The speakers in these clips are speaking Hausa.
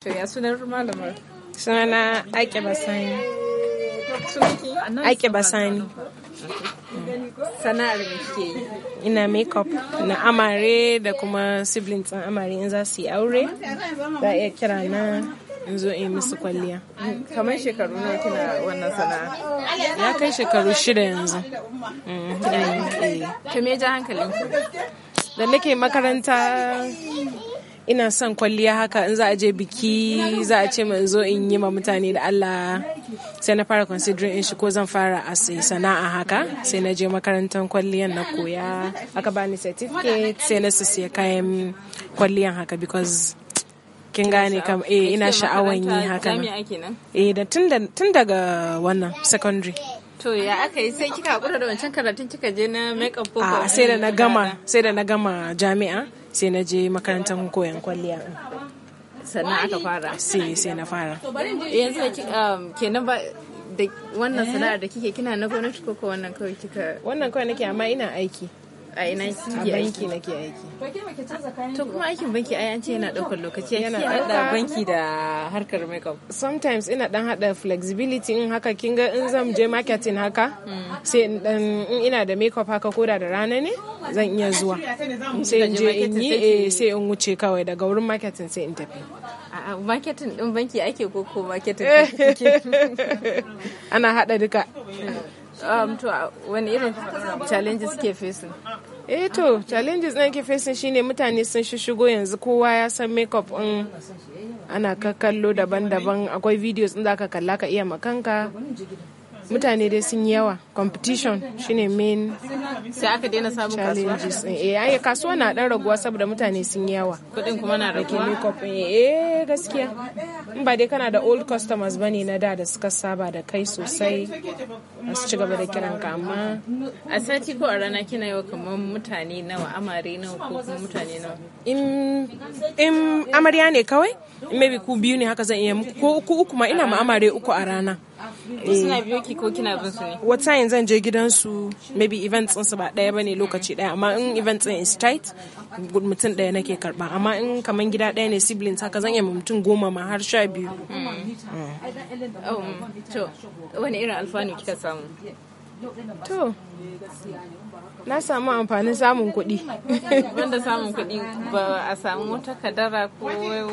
To ya sunan malamar? Sunana Aike Basani. Sunanki? Aike Basani. Sana'ar me ke yi? Ina makeup na amare da kuma siblings ɗin amare in za su yi aure. Za a iya kira na in zo in musu kwalliya. Kamar shekaru nawa kina wannan sana'a? Ya kai shekaru shida yanzu. Mm, to me ja hankalinki? Da nake makaranta ina son kwalliya haka in za a je biki za a ce in zo in yi ma mutane da Allah sai na fara considering in shi ko zan fara a sana'a haka sai na je makarantar kwalliyan na koya aka bani certificate sai na su siya kayan kwalliyan haka because kin gane kam eh ina sha'awan yi haka eh da tun daga wannan secondary To ya aka yi sai kika hakura da wancan karatun kika je na makeup ko? Ah, sai da na gama, sai da na gama jami'a. sai na je makarantar koyon kwalliya sannan aka fara sai sai na fara yanzu um, kenan ba wannan sana'ar da kike kina na gwamnati ko wannan kawai kika wannan kawai nake amma ina aiki a ina kike nake aiki to kuma aikin banki ai an ce yana daukar lokaci yana hada banki da harkar makeup sometimes ina dan hada flexibility in haka kin ga in zan je marketing haka sai in ina da makeup haka koda da rana ne zan iya zuwa sai in je in yi eh, sai in wuce kawai daga wurin marketing sai in tafi marketing din banki ake ko ko marketing ana hada duka um, to wani irin challenges ke facing eh to challenges na ke facing shine mutane sun shigo yanzu kowa ya san makeup in ana kallo daban-daban akwai videos in da aka kalla ka iya makanka mutane dai sun yi yawa competition shine main sai aka challenges eh ai kasuwa na dan raguwa saboda mutane sun yi yawa kudin kuma na rage makeup eh gaskiya in ba dai kana da old customers bane na da da suka saba da kai sosai su ci gaba da kiran ka amma a sati ko a rana kina yawa kamar mutane nawa amare nawa ko kuma mutane nawa in in amarya ne kawai maybe ku biyu ne haka zan iya ko uku ma ina ma amare uku a rana suna biyo ki ko kina bin su ne wata yin zan je gidansu maybe events ba daya bane lokaci daya amma in events in is tight mutum daya nake karba amma in kaman gida ɗaya ne siblings haka zan iya mutum goma ma har sha biyu hmm. oh, to wani irin alfanu kika samu To, na samu amfanin samun kuɗi. Wanda samun kuɗi ba a samu wata kadara ko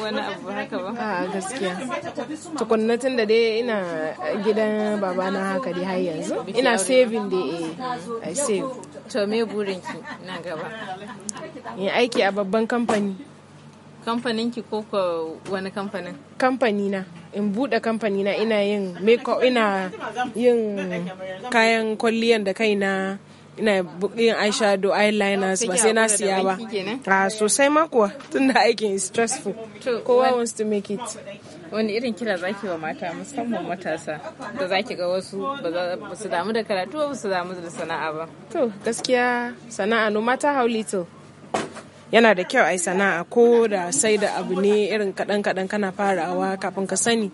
wani abu haka ba? A gaskiya. Tukunnatin da dai ina gidan babana haka dai har yanzu. Ina saving da a eh, save. To me burinki na gaba? Yin aiki a babban kamfani. kamfanin ki ko wani kamfanin kamfani na in bude kamfani na ina yin makeup ina yin kayan kwalliyan da kaina ina yin eyeshadow eyeliners ba sai na siya ba a ah, sosai makuwa tun da aikin is stressful kowa wants to make it wani irin kira zaki wa mata musamman matasa da zaki ga wasu ba su damu da karatu ba su damu da sana'a ba to gaskiya sana'a no matter how little yana da kyau ai sana'a ko da sai da abu ne irin kaɗan kaɗan kana farawa kafin ka sani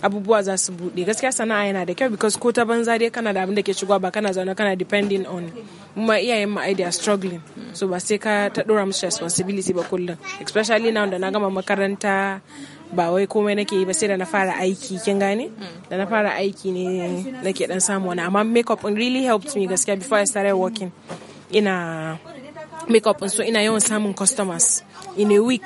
abubuwa za su buɗe gaskiya sana'a yana da kyau because ko ta banza dai kana da abin da ke shigowa ba kana zaune kana depending on kuma iyayen mu idea struggling so ba sai ka ta dora musu responsibility ba kullum especially now da na gama makaranta ba wai komai nake yi ba sai da na fara aiki kin gane da na fara aiki ne nake dan samu wani amma makeup really helped me gaskiya before i started working ina makeup so ina yawan samun customers in a week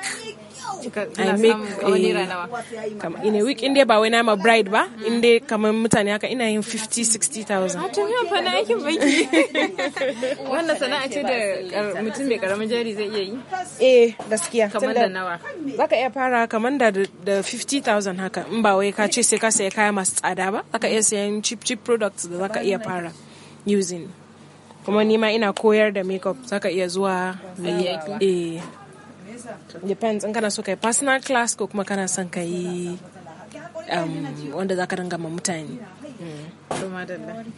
I make a, in a week in dai ba wai na ma bride ba in dai kamar mutane haka ina yin 50 60,000 thousand. yan aikin wannan sana'a ce da jari zai iya eh gaskiya kamar da nawa zaka iya fara kamar da fifty 50,000 haka in ba wai ka ce sai ka saya kaya masu tsada ba zaka iya sayan cheap cheap products da zaka iya fara using kuma nima ina koyar da makeup zaka iya zuwa eh. depends in kana so kai personal class ko kuma kana son kai um, wanda zaka ringa ma mutane mm.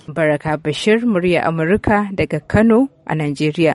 Baraka Bashir, murya Amurka daga Kano a nigeria.